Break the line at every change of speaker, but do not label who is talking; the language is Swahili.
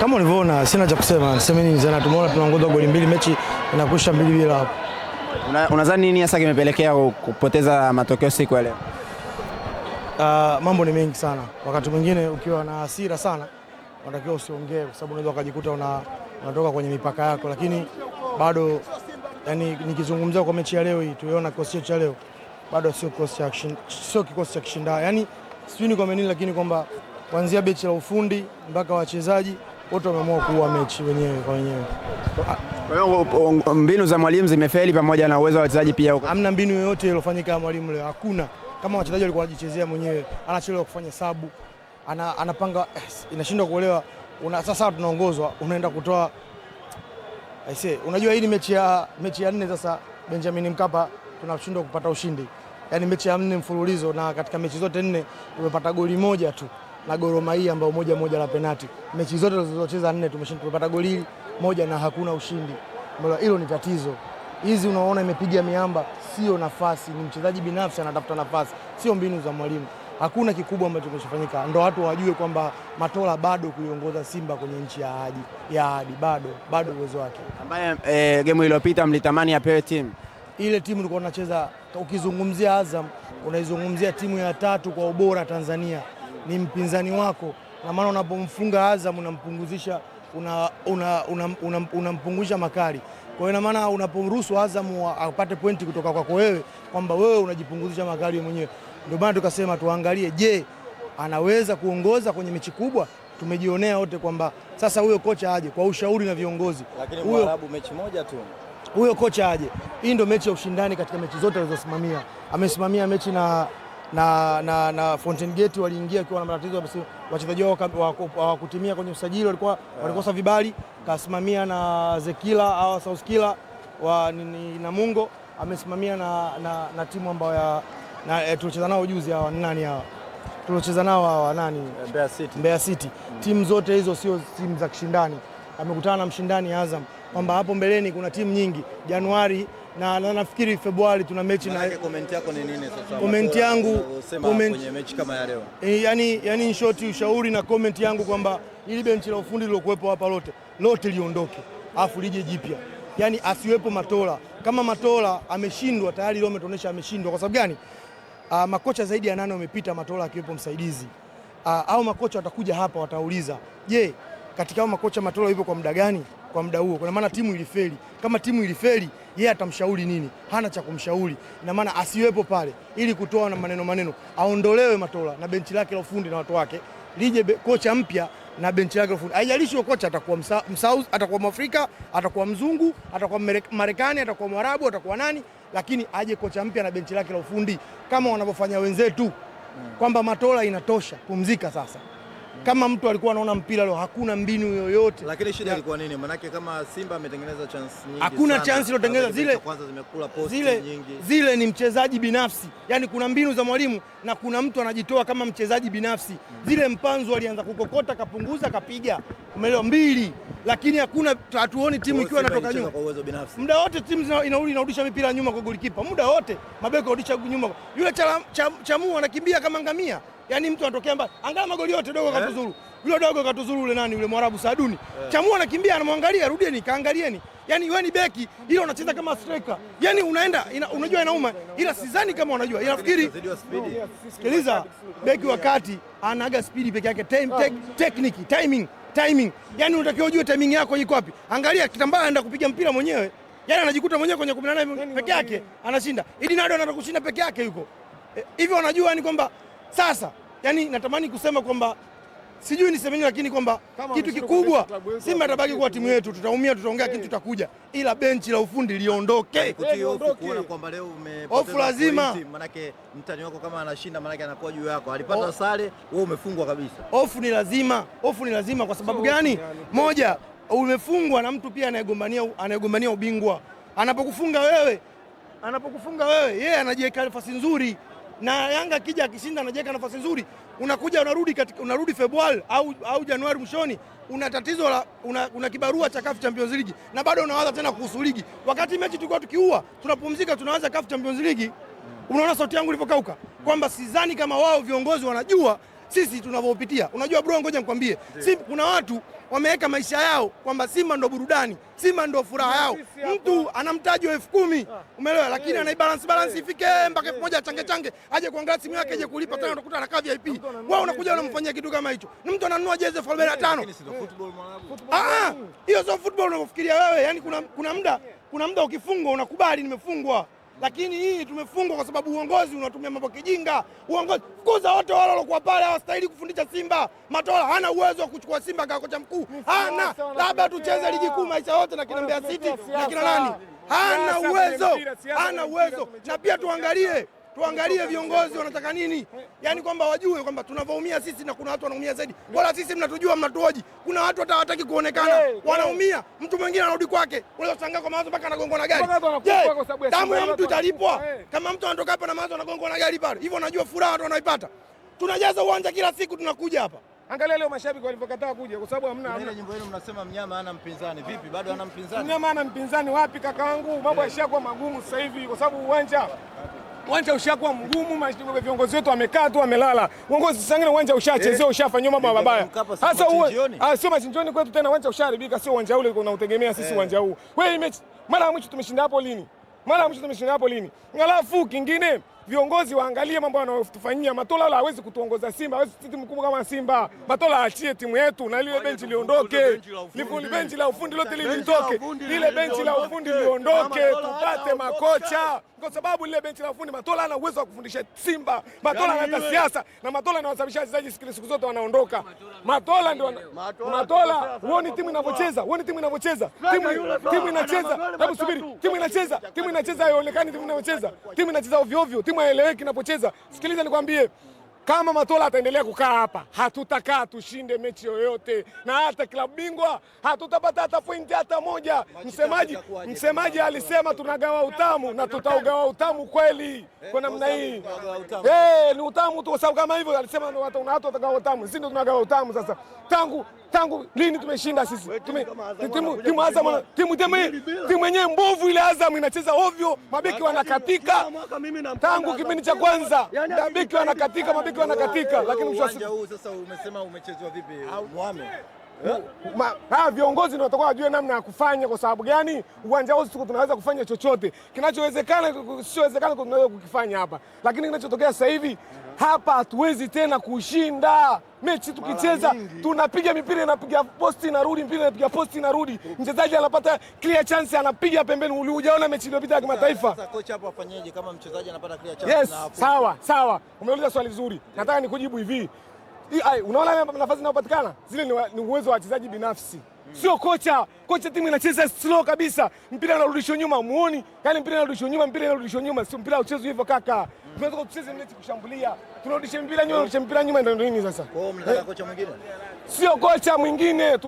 Kama ulivyoona, sina cha kusema, niseme nini sana. Tumeona tunaongozwa goli mbili, mechi inakwisha mbili bila
hapo. Unadhani nini hasa kimepelekea kupoteza matokeo siku ya leo?
Uh, mambo ni mengi sana. Wakati mwingine ukiwa na hasira sana unatakiwa usiongee, kwa sababu unaweza ukajikuta una, unatoka kwenye mipaka yako, lakini bado yani, nikizungumzia kwa mechi ya leo hii tuliona kikosi cha leo bado sio kikosi cha sio kikosi cha kushinda, yani sijui ni kwa nini, lakini kwamba kuanzia bechi la ufundi mpaka wachezaji wote wameamua kuua mechi wenyewe kwa wenyewe.
Kwa hiyo mbinu za mwalimu zimefeli pamoja na uwezo wa wachezaji pia.
Hamna mbinu yoyote iliyofanyika na mwalimu leo, hakuna. Kama wachezaji walikuwa wanajichezea mwenyewe, anachelewa kufanya sabu, ana, anapanga eh, inashindwa kuelewa. Sasa tunaongozwa, unaenda kutoa aise, unajua hii ni mechi ya mechi ya nne sasa Benjamin Mkapa tunashindwa kupata ushindi, yaani mechi ya nne mfululizo, na katika mechi zote nne tumepata goli moja tu na Gor Mahia ambao moja moja la penati. Mechi zote tulizocheza nne tumeshinda, tumepata goli moja na hakuna ushindi. Hilo ni tatizo. Hizi unaona imepiga miamba, sio nafasi, ni mchezaji binafsi anatafuta nafasi, sio mbinu za mwalimu. Hakuna kikubwa ambacho kimeshafanyika, ndo watu wajue kwamba Matola bado kuiongoza Simba kwenye nchi ya ahadi ya ahadi, bado bado uwezo wake,
ambaye eh, e, gemu iliyopita mlitamani apewe timu
ile. Timu tulikuwa tunacheza, ukizungumzia Azam unaizungumzia timu ya tatu kwa ubora Tanzania ni mpinzani wako, na maana unapomfunga Azam unampunguzisha unampunguzisha una, una, una, una makali. Kwa hiyo ina maana unapomruhusu Azam apate pointi kutoka kwako wewe, kwamba wewe unajipunguzisha makali mwenyewe. Ndio maana tukasema tuangalie, je, anaweza kuongoza kwenye mechi kubwa? Tumejionea wote kwamba sasa huyo kocha aje kwa ushauri na viongozi,
lakini Mwarabu mechi moja tu
huyo kocha aje. Hii ndio mechi ya ushindani katika mechi zote alizosimamia. Amesimamia mechi na na, na, na Fountain Gate waliingia ikiwa na matatizo basi wachezaji wao hawakutimia kwenye usajili, walikuwa walikosa vibali, kasimamia na Zekila au Sauskila wa Namungo amesimamia na, na, na timu ambayo e, eh, tulicheza nao juzi hawa nani hawa tuliocheza nao hawa nani Mbeya City, Mbeya City. Mm. Timu zote hizo sio timu za kishindani, amekutana na mshindani Azam kwamba hapo mbeleni kuna timu nyingi Januari na, na nafikiri Februari tuna mechi
na comment yako ni nini sasa?
Comment yangu
comment kwenye mechi kama ya leo.
E, yani, yani in short ushauri na komenti yangu kwamba ili benchi la ufundi lilokuwepo hapa lote lote liondoke afu lije jipya, yani asiwepo Matola. Kama Matola ameshindwa tayari, leo umetuonesha ameshindwa. Kwa sababu gani? A, ah, makocha zaidi ya nane wamepita Matola akiwepo msaidizi. A, ah, au makocha watakuja hapa watauliza, je, katika hao makocha Matola yupo kwa muda gani? kwa muda huo, kwa maana timu ilifeli. Kama timu ilifeli, yeye atamshauri nini? Hana cha kumshauri, ina maana asiwepo pale ili kutoa na maneno maneno, aondolewe Matola na benchi lake la ufundi na watu wake, lije kocha mpya na benchi lake la ufundi. Haijalishi kocha atakuwa msa, atakuwa Mwafrika, atakuwa mzungu, atakuwa Marekani, atakuwa Mwarabu, atakuwa nani, lakini aje kocha mpya na benchi lake la ufundi kama wanavyofanya wenzetu, kwamba Matola inatosha, pumzika sasa kama mtu alikuwa anaona mpira leo, hakuna mbinu yoyote.
Lakini shida ilikuwa nini? Manake kama Simba ametengeneza chance nyingi,
hakuna chance iliyotengeneza zile,
kwanza zimekula zile, nyingi
zile, ni mchezaji binafsi. Yani kuna mbinu za mwalimu na kuna mtu anajitoa kama mchezaji binafsi mm. Zile mpanzo alianza kukokota, kapunguza, kapiga, umeelewa mbili, lakini hakuna, hatuoni timu ikiwa inatoka nyuma
kwa uwezo binafsi.
Muda wote timu inarudi inarudisha mipira nyuma kwa golikipa, muda wote mabeki warudisha nyuma, yule chamu anakimbia kama ngamia Yaani mtu anatokea mbali. Angalia magoli yote dogo eh? Katuzuru. Yule dogo Katuzuru yule nani yule Mwarabu Saduni. Yeah. Chamua anakimbia anamwangalia, rudieni kaangalieni. Yaani wewe ni beki ila unacheza kama striker. Yaani unaenda ina, unajua inauma ila sidhani kama unajua. Inafikiri sikiliza beki wakati anaaga speed peke yake time te, technique timing timing. Yaani unatakiwa ujue timing yako iko wapi. Angalia kitambaa anaenda kupiga mpira mwenyewe. Yaani anajikuta mwenyewe kwenye 18 yaani peke yake anashinda. Ili Nado anataka kushinda peke yake yuko. Eh, hivyo e, wanajua ni kwamba sasa yani natamani kusema kwamba sijui nisemeje, lakini kwamba kitu kikubwa Simba atabaki kuwa timu yetu, tutaumia, tutaongea, lakini tutakuja, ila benchi la ufundi liondoke.
Yaani
hofu lazima,
manake mtani wako kama anashinda, manake anakuwa juu yako. Alipata oh. sare, wewe umefungwa kabisa.
Hofu ni lazima, hofu ni lazima. Kwa sababu gani? Moja, umefungwa na mtu pia anayegombania anayegombania ubingwa. Anapokufunga wewe, anapokufunga wewe, yeye anajiweka nafasi nzuri na Yanga akija akishinda anajiweka nafasi nzuri, unakuja unarudi katika, unarudi Februari au, au Januari mwishoni una tatizo la una, una kibarua cha CAF Champions League na bado unawaza tena kuhusu ligi, wakati mechi tulikuwa tukiua tunapumzika tunaanza CAF Champions League. Unaona sauti yangu ilivyokauka, kwamba sidhani kama wao viongozi wanajua sisi tunavyopitia. Unajua bro, ngoja nikwambie, kuna watu wameweka maisha yao kwamba Simba ndo burudani, Simba ndo furaha yao. Mtu anamtaji wa elfu kumi ah. umeelewa, lakini ana balance ifike eh, mpaka elfu moja change change, aje kuangalia simu yake, aje kulipa tena, utakuta anakaa VIP. Wewe unakuja unamfanyia kitu kama hicho, ni mtu ananunua jezi elfu arobaini na tano. Ah, ah. Hiyo sio football unavyofikiria wewe. Yani kuna muda, kuna muda ukifungwa unakubali, nimefungwa lakini hii tumefungwa kwa sababu uongozi unatumia mambo kijinga. Uongozi fukuza wote wale waliokuwa pale, hawastahili kufundisha Simba. Matola hana uwezo wa kuchukua Simba kama kocha mkuu, hana labda tucheze ligi kuu maisha yote na kina Mbeya City na kina nani, hana uwezo, hana uwezo. Na pia tuangalie tuangalie viongozi wanataka nini, yaani kwamba wajue kwamba tunavyoumia sisi na kuna watu wanaumia zaidi. Wala sisi mnatujua, mnatuoji. Kuna watu hata hawataki kuonekana, wanaumia. Mtu mwingine anarudi kwake, unashangaa kwa mawazo mpaka anagongwa na gari. Je, damu ya mtu italipwa? Kama mtu anatoka hapa na mawazo anagongwa na gari pale, hivyo unajua furaha watu wanaipata. Tunajaza uwanja kila siku, tunakuja hapa
Angalia leo mashabiki walivyokataa kuja kwa sababu hamna. Ile nyimbo yenu mnasema mnyama hana mpinzani. Vipi bado ana mpinzani?
Mnyama ana mpinzani wapi kaka wangu? Mambo eh. yashakuwa magumu sasa hivi kwa sababu uwanja uwanja ushakuwa mgumu, viongozi wetu wamekaa tu wamelala. Uongozi sasa ngine uwanja ushachezewa, eh. ushafanywa mambo mabaya. Sasa ah, sio machinjioni kwetu tena, uwanja usharibika, sio uwanja ule unautegemea sisi eh. uwanja huu. Wewe mechi mara ya mwisho tumeshinda hapo lini? Mara ya mwisho tumeshinda hapo lini? Halafu kingine viongozi waangalie mambo yanayotufanyia. Matola wala hawezi kutuongoza Simba, hawezi sisi mkubwa kama Simba. Matola aachie timu yetu na lile benchi liondoke, lifuni benchi la ufundi lote lilitoke, lile benchi la ufundi liondoke, tupate makocha, kwa sababu lile benchi la ufundi Matola ana uwezo wa kufundisha Simba. Matola ana yaani siasa na Matola anawasababisha wachezaji siku zote wanaondoka. Matola ndio Matola, uone timu inavyocheza, uone timu inavyocheza, timu timu inacheza. Hebu subiri, timu inacheza, timu inacheza, haionekani timu inavyocheza, timu inacheza ovyo ovyo timu haieleweki inapocheza. Sikiliza nikwambie. Kama Matola ataendelea kukaa hapa, hatutakaa tushinde mechi yoyote, na hata klabu bingwa hatutapata hata pointi hata moja. Msemaji msemaji alisema tunagawa utamu na tutaugawa utamu kweli, eh, kwa namna hii eh, ni utamu tu, sababu kama hivyo alisema watu watagawa utamu, sisi ndo tunagawa utamu. Sasa tangu tangu lini tumeshinda sisi? Timu Azam timu yenyewe mbovu ile, Azam inacheza ovyo, mabeki wanakatika tangu kipindi cha kwanza, yaani mabeki wanakatika mabeki akiwa anakatika, lakini
uwanja huu sasa umesema umechezwa vipi? Mohamed
hawa viongozi natakuwa wajue namna ya kufanya. Kwa sababu gani? Uwanja huu siku tunaweza kufanya chochote kinachowezekana, sichowezekana tunaweza kukifanya hapa, lakini kinachotokea sasa hivi hapa hatuwezi tena kushinda mechi. Tukicheza tunapiga mipira inapiga posti inarudi, mpira inapiga posti inarudi, mchezaji anapata clear chance anapiga pembeni. ujaona mechi iliyopita ya kimataifa?
Sasa kocha hapo afanyeje kama mchezaji anapata clear
chance? Yes, sawa sawa, umeuliza swali zuri, nataka nikujibu hivi unaona nafasi inayopatikana zile ni uwezo wa wachezaji binafsi mm. Sio kocha. Kocha timu inacheza slow kabisa, mpira unarudishwa nyuma, muoni yani, mpira unarudishwa nyuma, mpira unarudishwa nyuma, sio mpira uchezwe hivyo kaka. Tunaweza kucheza mechi kushambulia, tunarudisha mpira nyuma, tunarudisha mpira nyuma, ndio nini sasa? Kwa
hiyo mnataka kocha mwingine?
Sio kocha mwingine.